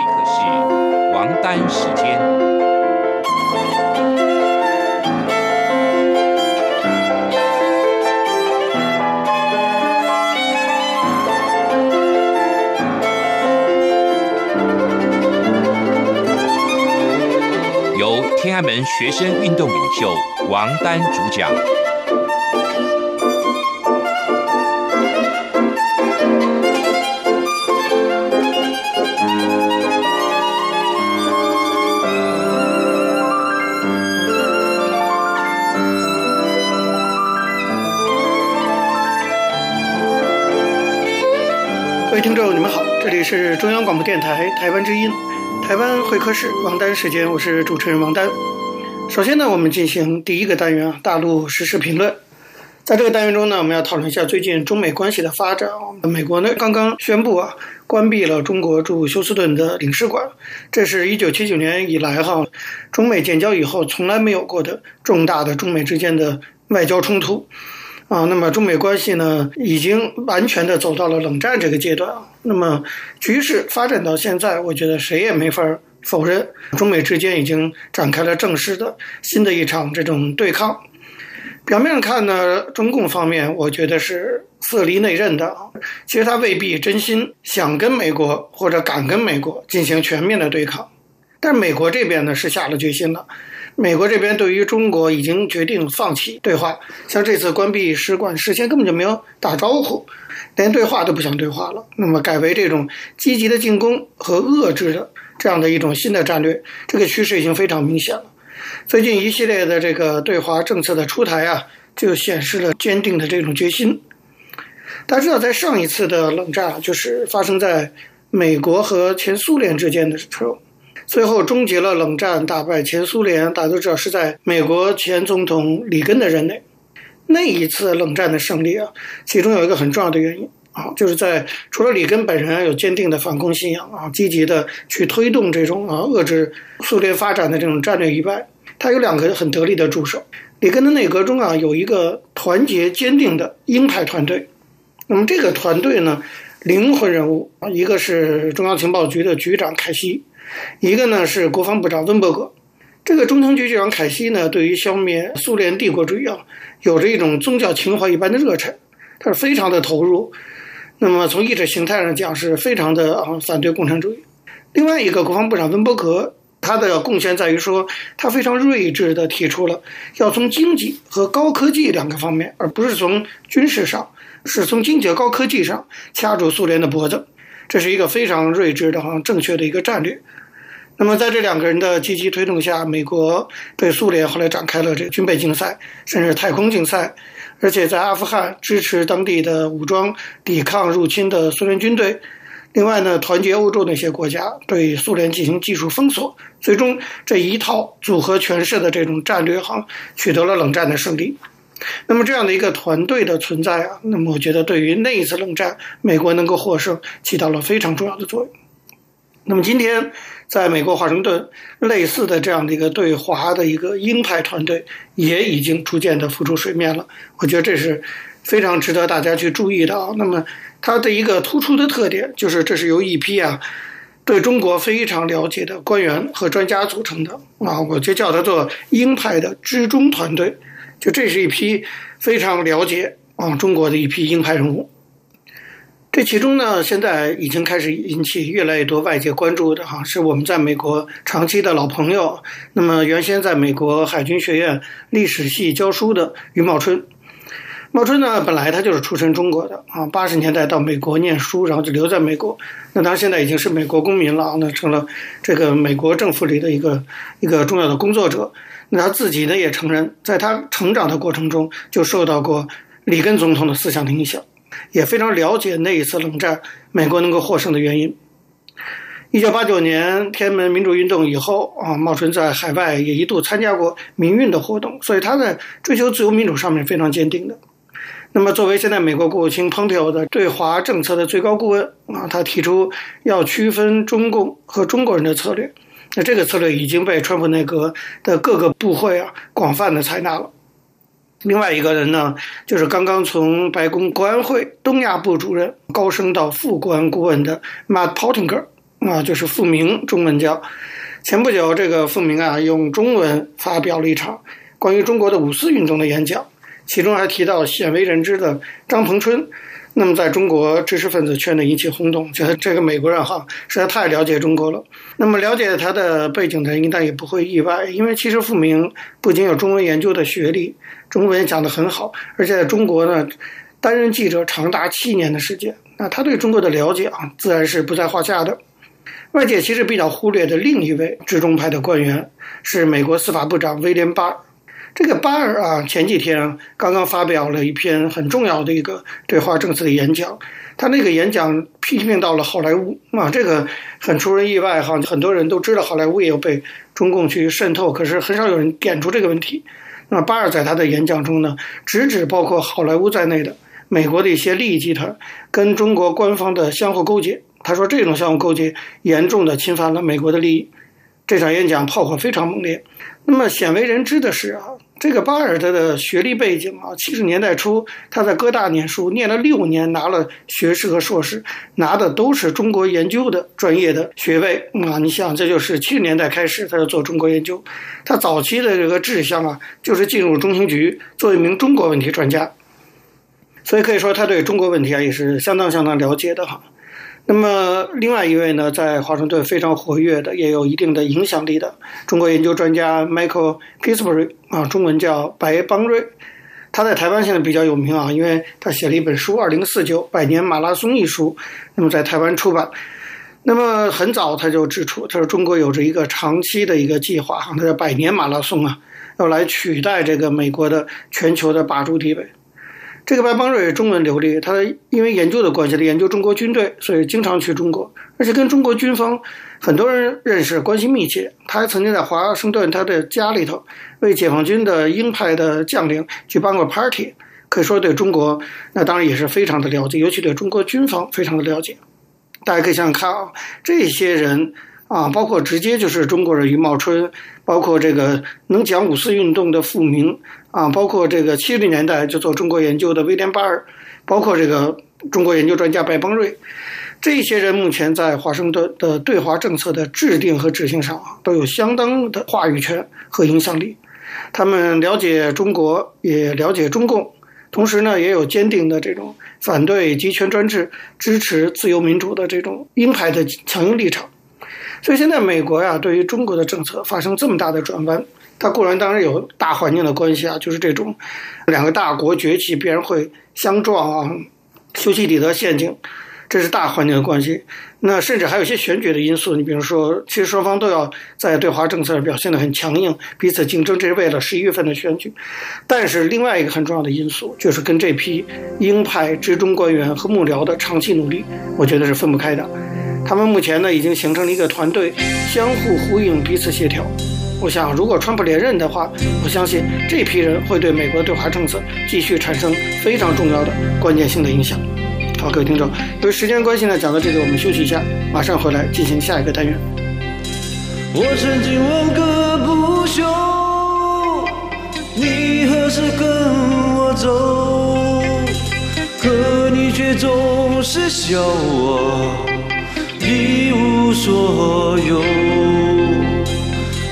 會客室，王丹時間，由天安門學生運動領袖王丹主講。聽眾，你們好，這裡是中央廣播電台台灣之音，台灣會客室，王丹時間，我是主持人王丹。首先呢，我們進行第一個單元啊，大陸時事評論。在這個單元中呢，我們要討論一下最近中美關係的發展。美國呢，剛剛宣布啊，關閉了中國駐休斯頓的領事館，這是一九七九年以來哈，中美建交以後從來沒有過的重大的中美之間的外交衝突。啊，那麼中美關係呢，已經完全的走到了冷戰這個階段啊。那麼局勢發展到現在，我覺得誰也沒法否認，中美之間已經展開了正式的新的一場這種對抗。表面看呢，中共方面我覺得是色厲內荏的啊，其實他未必真心想跟美國或者敢跟美國進行全面的對抗，但美國這邊呢是下了決心了。美國這邊對於中國已經決定放棄對話，像這次關閉使館，事先根本就沒有打招呼，連對話都不想對話了，那麼改為這種積極的進攻和遏制的這樣的一種新的戰略，這個趨勢已經非常明顯了。最近一系列的這個對華政策的出台啊，就顯示了堅定的這種決心。大家知道，在上一次的冷戰就是發生在美國和前蘇聯之間的時候，最後終結了冷戰，打敗前蘇聯，大家都知道是在美國前總統里根的任內那一次冷戰的勝利啊。其中有一個很重要的原因啊，就是在除了里根本人有堅定的反共信仰啊，積極的去推動這種啊遏制蘇聯發展的這種戰略以外，他有兩個很得力的助手。里根的內閣中啊，有一個團結堅定的鷹派團隊。那麼這個團隊呢，靈魂人物啊，一個是中央情報局的局長凱西。一個呢是國防部長溫伯格，這個中情局局長凱西呢，對於消滅蘇聯帝國主義啊，有着一種宗教情懷一般的熱忱，他是非常的投入。那麼從意識形態上講，是非常的反對共產主義。另外一個國防部長溫伯格，他的貢獻在於說，他非常睿智地提出了要從經濟和高科技兩個方面，而不是從軍事上，是從經濟和高科技上掐住蘇聯的脖子，這是一個非常睿智的、好正確的一個戰略。那麼，在這兩個人的積極推動下，美國對蘇聯後來展開了這個軍備競賽，甚至太空競賽，而且在阿富汗支持當地的武裝抵抗入侵的蘇聯軍隊。另外呢，團結歐洲那些國家對蘇聯進行技術封鎖，最終這一套組合拳式的這種戰略行取得了冷戰的勝利。那麼，這樣的一個團隊的存在啊，那麼我覺得對於那一次冷戰，美國能夠獲勝起到了非常重要的作用。那麼今天。在美國華盛頓，類似的這樣的一個對華的一個鷹派團隊也已經逐漸的浮出水面了。我覺得這是非常值得大家去注意的啊。那麼，它的一個突出的特點就是，這是由一批啊對中國非常了解的官員和專家組成的啊，我就叫它做鷹派的知中團隊。就這是一批非常了解啊中國的一批鷹派人物。這其中呢，現在已經開始引起越來越多外界關注的哈，是我們在美國長期的老朋友。那麼原先在美國海軍學院歷史系教書的余茂春，茂春呢，本來他就是出身中國的啊，八十年代到美國念書，然後就留在美國。那他現在已經是美國公民了啊，那成了這個美國政府裡的一個一個重要的工作者。那他自己呢也承認，在他成長的過程中就受到過里根總統的思想的影響。也非常了解那一次冷戰美國能夠獲勝的原因。一九八九年天安門民主運動以後啊，茂春在海外也一度參加過民運的活動，所以他在追求自由民主上面非常堅定的。那麼，作為現在美國國務卿彭佩奧的對華政策的最高顧問啊，他提出要區分中共和中國人的策略。那這個策略已經被川普內閣的各個部會啊廣泛的採納了。另外一個人呢，就是剛剛從白宮國安會東亞部主任高升到副國安顧問的 Matt Pottinger，啊，就是傅明中文教。前不久，這個傅明啊，用中文發表了一場關於中國的五四運動的演講，其中還提到鮮為人知的張彭春。那麼，在中國知識分子圈內引起轟動，覺得這個美國人哈、啊、實在太了解中國了。那麼，了解他的背景的人應該也不會意外，因為其實傅明不僅有中文研究的學歷。中文也講得很好，而且在中國呢，擔任記者長達七年的時間。那他對中國的了解啊，自然是不在話下的。外界其實比較忽略的另一位知中派的官員是美國司法部長威廉巴爾。這個巴爾啊，前幾天剛剛發表了一篇很重要的一個對華政策的演講。他那個演講批評到了好萊塢啊，這個很出人意外哈。很多人都知道好萊塢也有被中共去滲透，可是很少有人點出這個問題。那巴爾在他的演講中呢，直指包括好萊塢在內的美國的一些利益集團跟中國官方的相互勾結。他說，這種相互勾結嚴重的侵犯了美國的利益。這場演講炮火非常猛烈。那麼鮮為人知的是啊。這個巴爾他的學歷背景啊，七十年代初他在哥大念書，念了六年，拿了學士和碩士，拿的都是中國研究的專業的學位，嗯、啊。你想，這就是七十年代開始他就做中國研究，他早期的這個志向啊，就是進入中情局做一名中國問題專家，所以可以說他對中國問題啊也是相當相當了解的哈。那麼，另外一位呢，在華盛頓非常活躍的，也有一定的影響力的中國研究專家 Michael Pillsbury 啊，中文叫白邦瑞，他在台灣現在比較有名啊，因為他寫了一本書《二零四九：百年馬拉松》一書，那麼在台灣出版。那麼很早他就指出，他說中國有着一個長期的一個計劃哈，那叫“百年馬拉松”啊，要來取代這個美國的全球的霸主地位。這個白邦瑞中文流利，他因為研究的關係，他研究中國軍隊，所以經常去中國，而且跟中國軍方很多人認識，關係密切。他還曾經在華盛頓他的家裡頭為解放軍的鷹派的將領舉辦過 party，可以說對中國那當然也是非常的了解，尤其對中國軍方非常的了解。大家可以想，想看啊，這些人啊，包括直接就是中國人余茂春，包括這個能講五四運動的博明。啊，包括這個七零年代就做中國研究的威廉·巴爾，包括這個中國研究專家白邦瑞，這些人目前在華盛頓的對華政策的制定和執行上，啊，都有相當的話語權和影響力。他們了解中國，也了解中共，同時呢，也有堅定的這種反對集權專制、支持自由民主的這種鷹派的強硬立場。所以現在美國呀，啊，對於中國的政策發生這麼大的轉彎。它固然當然有大環境的關係啊，就是這種兩個大國崛起必然會相撞啊，修昔底德陷阱，這是大環境的關係。那甚至還有一些選舉的因素，你比如說，其實雙方都要在對華政策表現得很強硬，彼此競爭，這是為了十一月份的選舉。但是另外一個很重要的因素，就是跟這批鷹派執中官員和幕僚的長期努力，我覺得是分不開的。他們目前呢已經形成了一個團隊，相互呼應，彼此協調。我想，如果川普連任的話，我相信這批人會對美國對華政策繼續產生非常重要的關鍵性的影響。好，各位聽眾，由於時間關係呢，講到這裡我們休息一下，馬上回來進行下一個單元。我我我，曾經問個不休，你你何時跟我走？可你卻總是笑我，一無所有。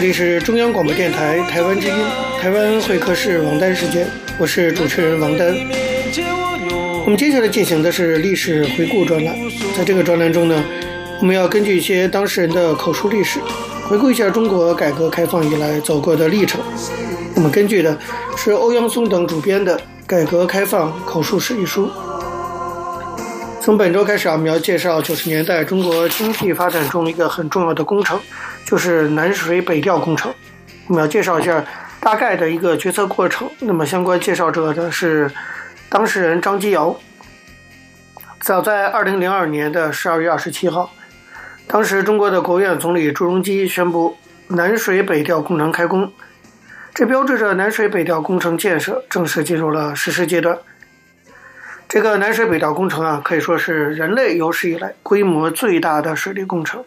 這裡是中央廣播電台台灣之音，台灣會客室王丹時間，我是主持人王丹。我們接下來進行的是歷史回顧專欄，在這個專欄中呢，我們要根據一些當事人的口述歷史，回顧一下中國改革開放以來走過的歷程。我們根據的是歐陽松等主編的《改革開放口述史》一書。從本周開始啊，我們要介紹九十年代中國經濟發展中一個很重要的工程。就是南水北調工程，我們要介紹一下大概的一個決策過程。那麼相關介紹者的是當事人張基堯。早在二零零二年的十二月二十七號，當時中國的國務院總理朱鎔基宣布南水北調工程開工，這標誌着南水北調工程建設正式進入了實施階段。這個南水北調工程啊，可以說是人類有史以來規模最大的水利工程。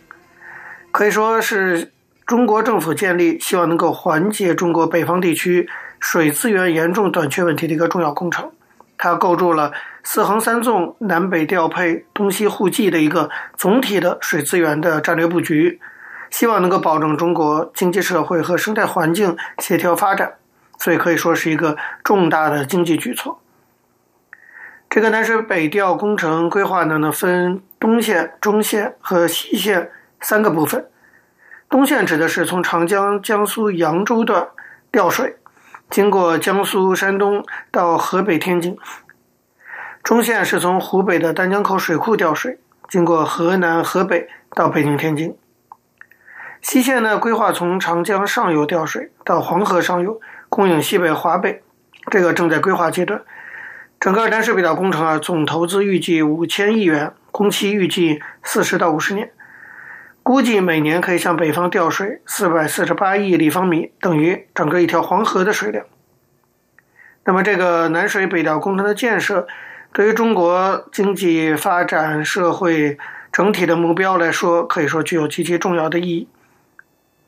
可以說是中國政府建立，希望能夠緩解中國北方地區水資源嚴重短缺問題的一個重要工程。它構築了“四橫三縱”南北調配、東西互濟的一個總體的水資源的戰略布局，希望能夠保證中國經濟社會和生態環境協調發展。所以可以說是一個重大的經濟舉措。這個南水北調工程規劃呢，呢分東線、中線和西線。三個部分：東線指的是從長江江蘇揚州段調水，經過江蘇、山東到河北、天津；中線是從湖北的丹江口水庫調水，經過河南、河北到北京、天津；西線呢，規劃從長江上游調水到黃河上游，供應西北、華北。這個正在規劃階段。整個南水北調工程啊，總投資預計五千億元，工期預計四十到五十年。估計每年可以向北方調水四百四十八億立方米，等於整個一條黃河的水量。那麼，這個南水北調工程的建設，對於中國經濟發展、社會整體的目標來說，可以說具有極其重要的意義。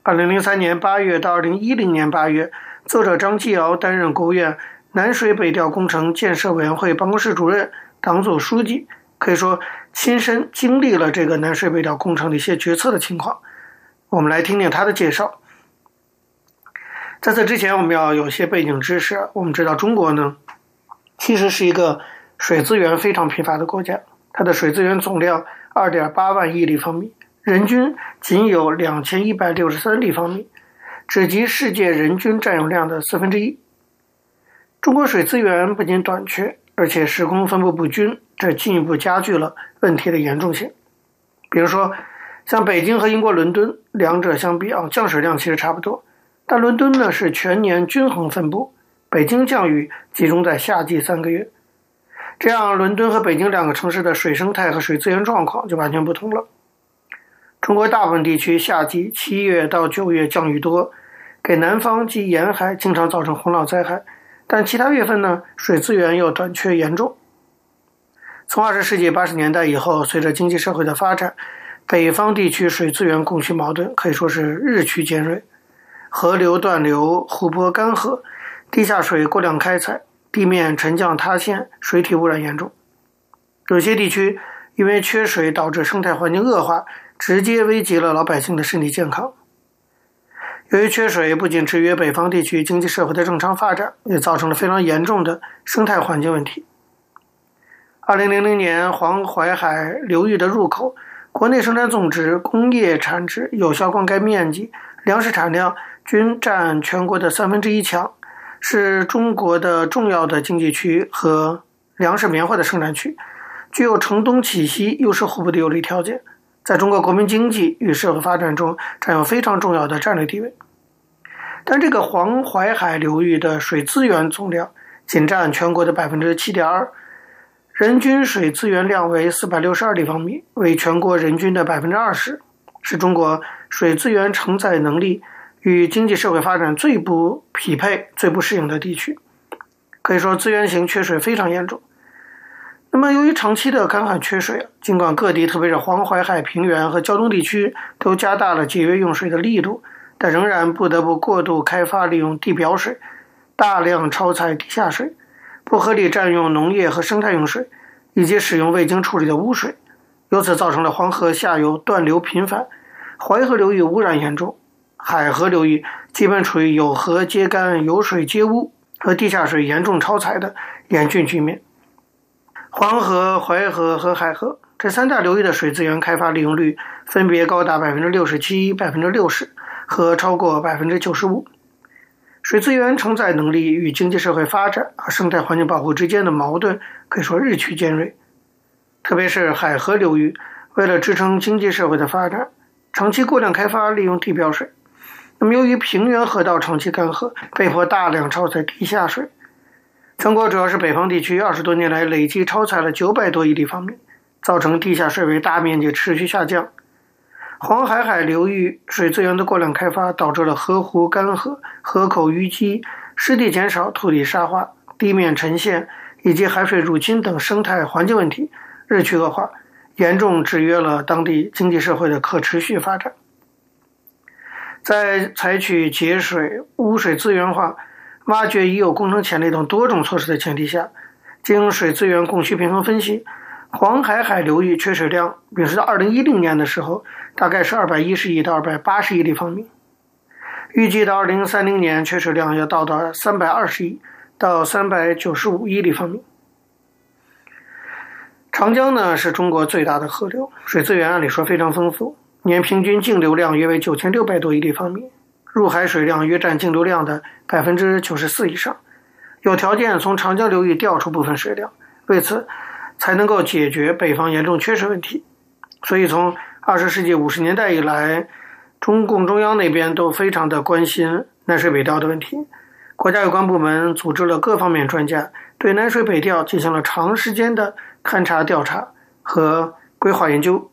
二零零三年八月到二零一零年八月，作者張繼堯擔任國務院南水北調工程建設委員會辦公室主任、黨組書記，可以說。親身經歷了這個南水北調工程的一些決策的情況，我們來聽聽他的介紹。在此之前，我們要有些背景知識。我們知道，中國呢，其實是一個水資源非常貧乏的國家，它的水資源總量二點八萬億立方米，人均僅有兩千一百六十三立方米，只及世界人均佔有量的四分之一。中國水資源不僅短缺，而且時空分布不均，這進一步加劇了問題的嚴重性。比如說，像北京和英國倫敦兩者相比啊，降水量其實差不多，但倫敦呢是全年均衡分布，北京降雨集中在夏季三個月，這樣倫敦和北京兩個城市的水生態和水資源狀況就完全不同了。中國大部分地區夏季七月到九月降雨多，給南方及沿海經常造成洪澇災害。但其他月份呢，水資源又短缺嚴重。從二十世紀八十年代以後，隨着經濟社會的發展，北方地區水資源供需矛盾可以說是日趨尖銳，河流斷流、湖泊乾涸、地下水過量開採、地面沉降塌陷、水體汙染嚴重。有些地區因為缺水導致生態環境惡化，直接危及了老百姓的身體健康。由於缺水，不僅制約北方地區經濟社會的正常發展，也造成了非常嚴重的生態環境問題。二零零零年，黃淮海流域的人口、，國內生產總值、工業產值、有效灌溉面積、糧食產量均占全國的三分之一強，是中國的重要的經濟區和糧食、棉花的生產區，具有承東啟西，優勢互補的有利條件，在中國國民經濟與社會發展中佔有非常重要的戰略地位，但這個黃淮海流域的水資源總量僅佔全國的百分之七點二，人均水資源量為四百六十二立方米，為全國人均的百分之二十，是中國水資源承載能力與經濟社會發展最不匹配、最不適應的地區，可以說資源型缺水非常嚴重。那麼，由於長期的乾旱缺水，盡管各地，特別是黃淮海平原和膠東地區，都加大了節約用水的力度，但仍然不得不過度開發利用地表水，大量超採地下水，不合理占用農業和生態用水，以及使用未經處理的污水，由此造成了黃河下游斷流頻繁，淮河流域污染嚴重，海河流域基本處於有河皆乾、有水皆污和地下水嚴重超採的嚴峻局面。黃河、淮河和海河這三大流域的水資源開發利用率分別高達百分之六十七、百分之六十和超過百分之九十五，水資源承載能力與經濟社會發展和生態環境保護之間的矛盾可以說日趨尖銳。特別是海河流域，為了支撐經濟社會的發展，長期過量開發利用地表水，那麼由於平原河道長期乾涸，被迫大量超採地下水。中國主要是北方地區，二十多年來累計超採了九百多億立方米，造成地下水位大面積持續下降。黃海海流域水資源的過量開發，導致了河湖乾涸、河口淤積、濕地減少、土地沙化、地面沉陷以及海水入侵等生態環境問題日趨惡化，嚴重制約了當地經濟社會的可持續發展。在採取節水、污水資源化。挖掘已有工程潛力等多種措施的前提下，經水資源供需平衡分析，黃海海流域缺水量，比如說到二零一零年的時候，大概是二百一十億到二百八十億立方米；預計到二零三零年，缺水量要到達到三百二十億到三百九十五億立方米。長江呢是中國最大的河流，水資源按理說非常豐富，年平均徑流量約為九千六百多億立方米。入海水量約占淨流量的百分之九十四以上，有條件從長江流域調出部分水量，為此才能夠解決北方嚴重缺水問題。所以，從二十世紀五十年代以來，中共中央那邊都非常的關心南水北調的問題。國家有關部門組織了各方面專家，對南水北調進行了長時間的勘察調查和規劃研究。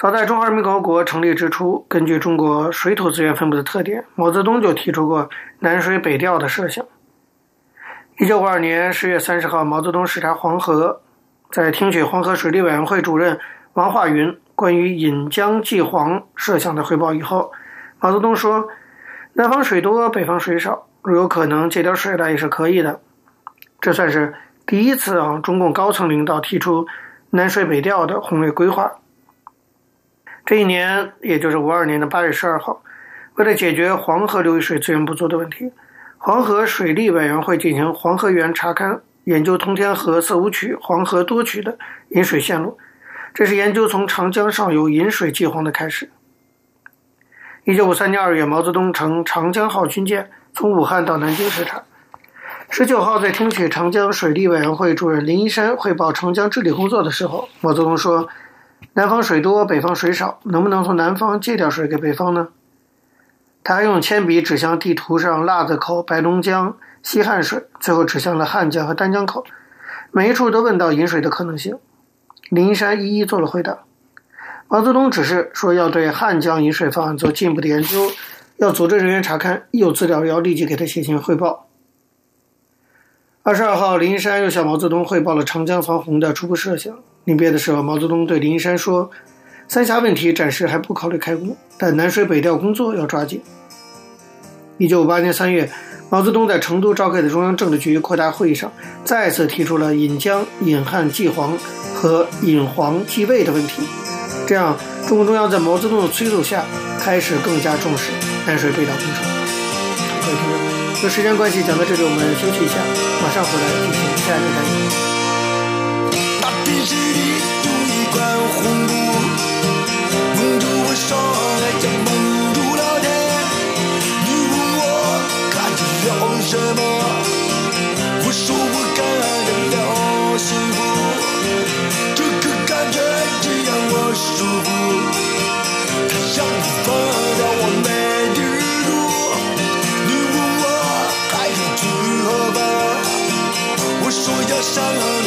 早在中華人民共和國成立之初，根據中國水土資源分布的特點，毛澤東就提出過南水北調的設想。一九五二年十月三十號，毛澤東視察黃河，在聽取黃河水利委員會主任王化雲關於引江濟黃設想的匯報以後，毛澤東說：“南方水多，北方水少，如有可能借點水來也是可以的。”這算是第一次啊，中共高層領導提出南水北調的宏偉規劃。這一年，也就是五二年的八月十二號，為了解決黃河流域水，水資源不足的問題，黃河水利委員會進行黃河源查勘，研究通天河、色烏曲、黃河多曲的引水線路。這是研究從長江上游引水濟黃的開始。一九五三年二月，毛澤東乘長江號軍艦從武漢到南京視察。十九號，在聽取長江水利委員會主任林一山匯報長江治理工作的時候，毛澤東說。南方水多，北方水少，能不能從南方借點水給北方呢？他還用鉛筆指向地圖上臘子口、白龍江、西漢水，最後指向了漢江和丹江口，每一處都問到引水的可能性。林一山一一做了回答。毛澤東指示說，要對漢江引水方案做進一步的研究，要組織人員查看，一有資料要立即給他寫信匯報。二十二號，林一山又向毛澤東匯報了長江防洪的初步設想。臨別的時候，毛澤東對林一山說：“三峽問題暫時還不考慮開工，但南水北調工作要抓緊。”一九五八年三月，毛澤東在成都召開的中央政治局擴大會議上，再次提出了引江、引漢濟黃和引黃濟渭的問題。這樣，中共中央在毛澤東的催促下，開始更加重視南水北調工程。由於時間關係，講到這裡我們休息一下，馬上回來進行下一個單元。心裡有一塊紅布，蒙住我雙眼，也蒙住了天。你問我看見了什麼？我說我看見了、哦、幸福，這個感覺只讓我舒服。它讓我忘掉我沒地兒住。你問我還能去何方？我說要上了。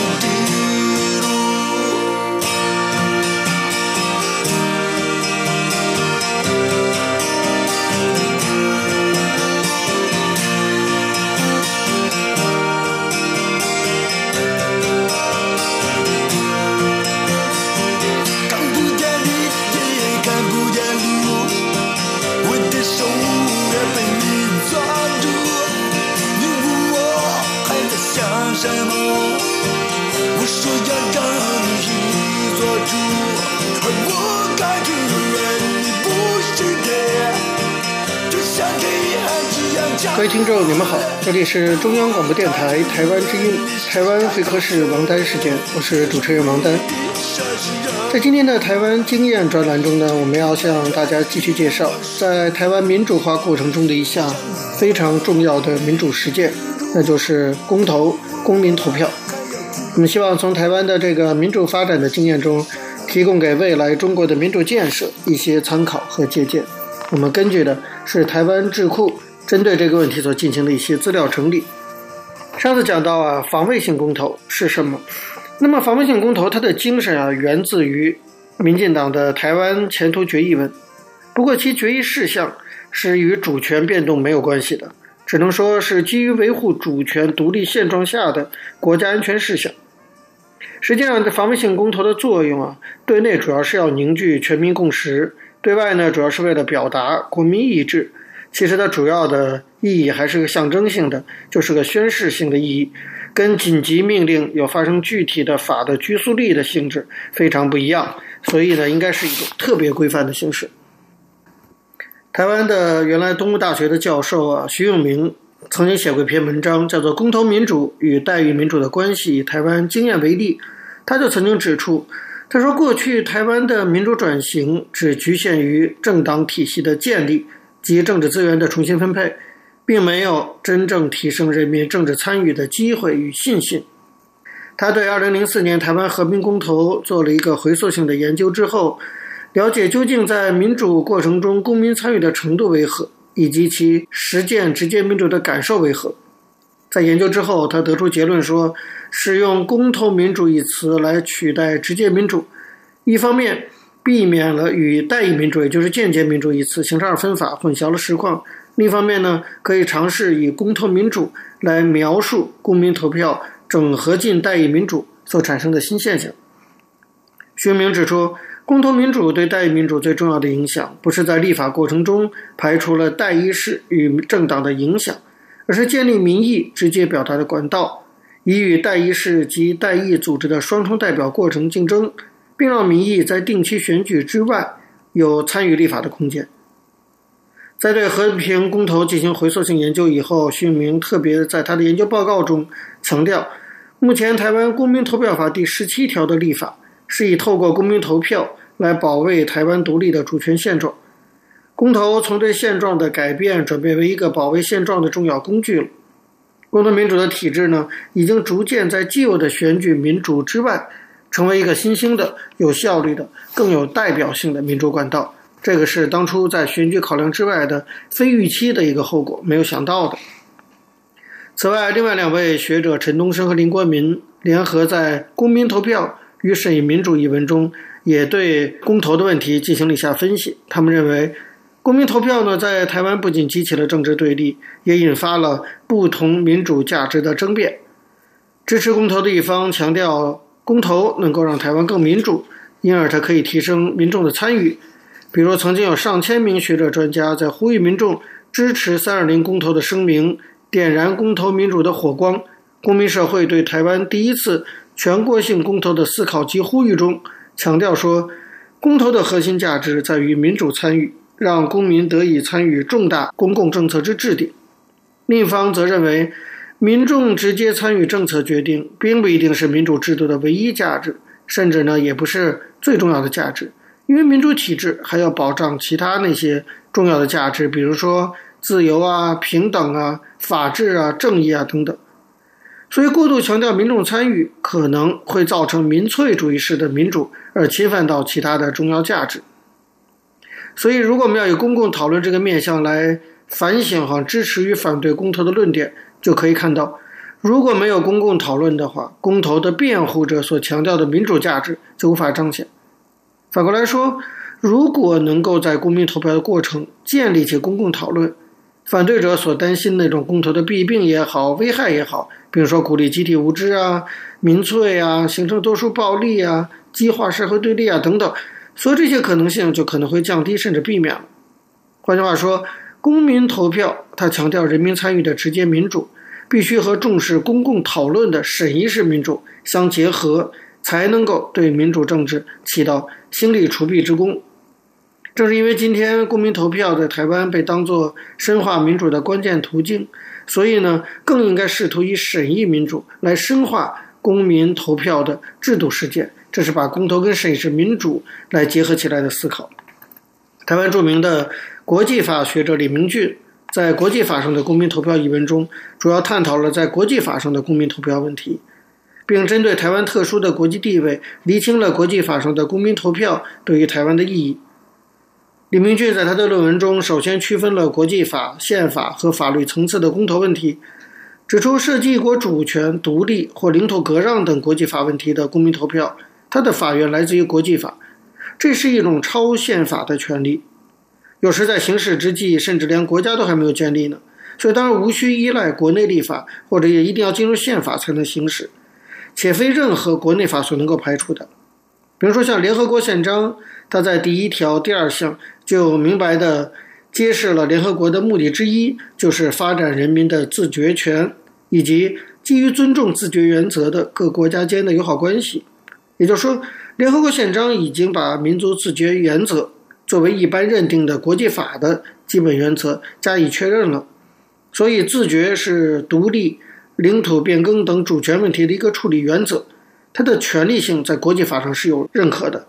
各位聽眾，你們好，這裡是中央廣播電台台灣之音，台灣會客室王丹時間，我是主持人王丹。在今天的台灣經驗專欄中呢，我們要向大家繼續介紹在台灣民主化過程中的一項非常重要的民主實踐，那就是公投，公民投票。我們希望從台灣的這個民主發展的經驗中，提供給未來中國的民主建設一些參考和借鑑。我們根據的是台灣智庫。針對這個問題所進行的一些資料整理。上次講到啊，防衛性公投是什麼？那麼防衛性公投它的精神啊，源自於民進黨的台灣前途決議文。不過其決議事項是與主權變動沒有關係的，只能說是基於維護主權獨立現狀下的國家安全事項。實際上，這防衛性公投的作用啊，對內主要是要凝聚全民共識，對外呢主要是為了表達國民意志。其實它主要的意義還是個象徵性的，就是個宣誓性的意義，跟緊急命令有發生具體的法的拘束力的性質非常不一樣，所以呢，應該是一種特別規範的形式。台灣的原來東吳大學的教授啊，徐永明曾經寫過一篇文章，叫做《公投民主與代議民主的關係——以台灣經驗為例》，他就曾經指出，他說過去台灣的民主轉型只局限於政黨體系的建立。及政治資源的重新分配，並沒有真正提升人民政治參與的機會與信心。他對2004年台灣和平公投做了一個回溯性的研究之後，了解究竟在民主過程中公民參與的程度為何，以及其實踐直接民主的感受為何。在研究之後，他得出結論說，使用“公投民主”一詞來取代直接民主，一方面，避免了與代議民主，也就是間接民主一詞形成二分法，混淆了實況。另一方面呢，可以嘗試以公投民主來描述公民投票整合進代議民主所產生的新現象。薛明指出，公投民主對代議民主最重要的影響，不是在立法過程中排除了代議士與政黨的影響，而是建立民意直接表達的管道，以與代議士及代議組織的雙重代表過程競爭。並讓民意在定期選舉之外有參與立法的空間。在對和平公投進行回溯性研究以後，徐永明特別在他的研究報告中強調，目前台灣公民投票法第十七條的立法是以透過公民投票來保衛台灣獨立的主權現狀。公投從對現狀的改變轉變為一個保衛現狀的重要工具了。公投民主的體制呢，已經逐漸在既有的選舉民主之外。成為一個新興的、有效率的、更有代表性的民主管道，這個是當初在選舉考量之外的非預期的一個後果，沒有想到的。此外，另外兩位學者陳東升和林國明聯合在《公民投票與審議民主》一文中，也對公投的問題進行了以下分析。他們認為，公民投票呢，在台灣不僅激起了政治對立，也引發了不同民主價值的爭辯。支持公投的一方強調。公投能夠讓台灣更民主，因而它可以提升民眾的參與。比如，曾經有上千名學者、專家在呼籲民眾支持“三二零”公投的聲明，點燃公投民主的火光。公民社會對台灣第一次全國性公投的思考及呼籲中，強調說，公投的核心價值在於民主參與，讓公民得以參與重大公共政策之制定。另一方則認為。民眾直接參與政策決定，並不一定是民主制度的唯一價值，甚至呢，也不是最重要的價值。因為民主體制還要保障其他那些重要的價值，比如說自由啊、平等啊、法治啊、正義啊等等。所以，過度強調民眾參與，可能會造成民粹主義式的民主，而侵犯到其他的重要價值。所以，如果我們要以公共討論這個面向來反省和支持與反對公投的論點。就可以看到，如果沒有公共討論的話，公投的辯護者所強調的民主價值就無法彰顯。反過來說，如果能夠在公民投票的過程建立起公共討論，反對者所擔心那種公投的弊病，也好、危害也好，比如說鼓勵集體無知啊、民粹啊、形成多數暴力啊、激化社會對立啊等等，所有這些可能性就可能會降低甚至避免了。換句話說。公民投票，它強調人民參與的直接民主，必須和重視公共討論的審議式民主相結合，才能夠對民主政治起到興利除弊之功。正是因為今天公民投票在台灣被當作深化民主的關鍵途徑，所以呢，更應該試圖以審議民主來深化公民投票的制度實踐。這是把公投跟審議式民主來結合起來的思考。台灣著名的。國際法學者李明俊在《國際法上的公民投票》一文中，主要探討了在國際法上的公民投票問題，並針對台灣特殊的國際地位，釐清了國際法上的公民投票對於台灣的意義。李明俊在他的論文中，首先區分了國際法、憲法和法律層次的公投問題，指出涉及一國主權獨立或領土割讓等國際法問題的公民投票，他的法源來自於國際法，這是一種超憲法的權利。有時在行使之際，甚至連國家都還沒有建立呢，所以當然無需依賴國內立法，或者也一定要進入憲法才能行使，且非任何國內法所能夠排除的。比如說，像聯合國憲章，它在第一條第二項就明白的揭示了聯合國的目的之一，就是發展人民的自決權以及基於尊重自決原則的各國家間的友好關係。也就是說，聯合國憲章已經把民族自決原則。作為一般認定的國際法的基本原則加以確認了，所以自決是獨立領土變更等主權問題的一個處理原則，它的權利性在國際法上是有認可的。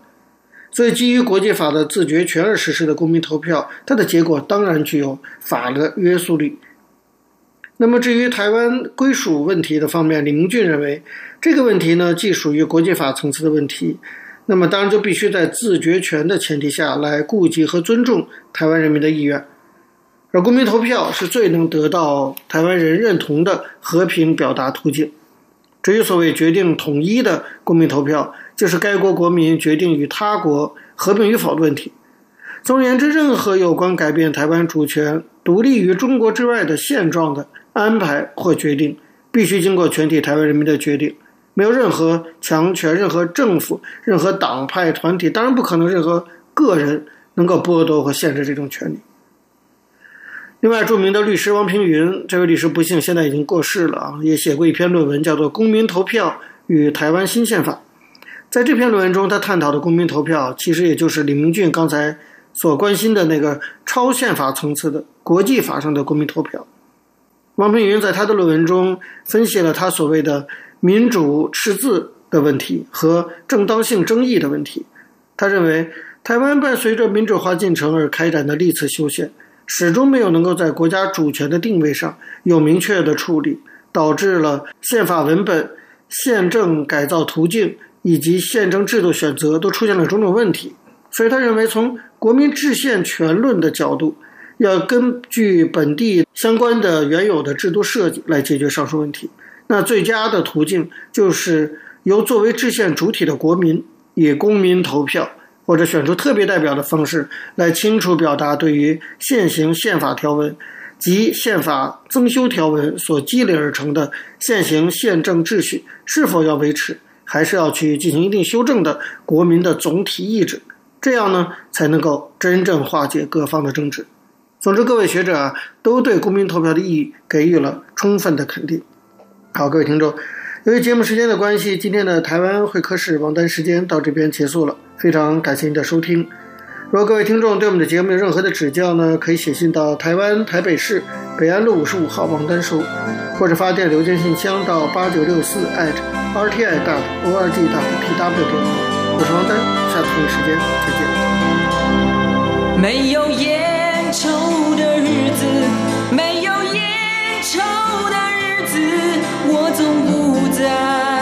所以，基於國際法的自決權而實施的公民投票，它的結果當然具有法的約束力。那麼，至於台灣歸屬問題的方面，李明俊認為這個問題呢，既屬於國際法層次的問題。那麼，當然就必須在自決權的前提下來顧及和尊重台灣人民的意願。而公民投票是最能得到台灣人認同的和平表達途徑。至於所謂決定統一的公民投票，就是該國國民決定與他國合併與否的問題。總而言之，任何有關改變台灣主權獨立於中國之外的現狀的安排或決定，必須經過全體台灣人民的決定。沒有任何強權、任何政府、任何黨派團體，當然不可能任何個人能夠剝奪和限制這種權利。另外，著名的律師汪平雲，這位律師不幸現在已經過世了啊，也寫過一篇論文，叫做《公民投票與台灣新憲法》。在這篇論文中，他探討的公民投票，其實也就是李明俊剛才所關心的那個超憲法層次的國際法上的公民投票。汪平雲在他的論文中分析了他所謂的。民主赤字的問題和正當性爭議的問題，他認為台灣伴隨着民主化進程而開展的歷次修憲，始終沒有能夠在國家主權的定位上有明確的處理，導致了憲法文本、憲政改造途徑以及憲政制度選擇都出現了種種問題。所以，他認為從國民制憲權論的角度，要根據本地相關的原有的制度設計來解決上述問題。那最佳的途徑就是由作為制憲主體的國民以公民投票或者選出特別代表的方式，來清楚表達對於現行憲法條文及憲法增修條文所積累而成的現行憲政秩序是否要維持，還是要去進行一定修正的國民的總體意志。這樣呢，才能夠真正化解各方的爭執。總之，各位學者都對公民投票的意義給予了充分的肯定。好，各位聽眾，由於節目時間的關係，今天的台灣會客室王丹時間到這邊結束了。非常感謝您的收聽。如果各位聽眾對我們的節目有任何的指教呢，可以寫信到台灣台北市北安路五十五號王丹書，或者發電郵件信箱到八九六四 at rti dot org dot p w com 我是王丹，下次同一時間再見。沒有菸抽。我總不在。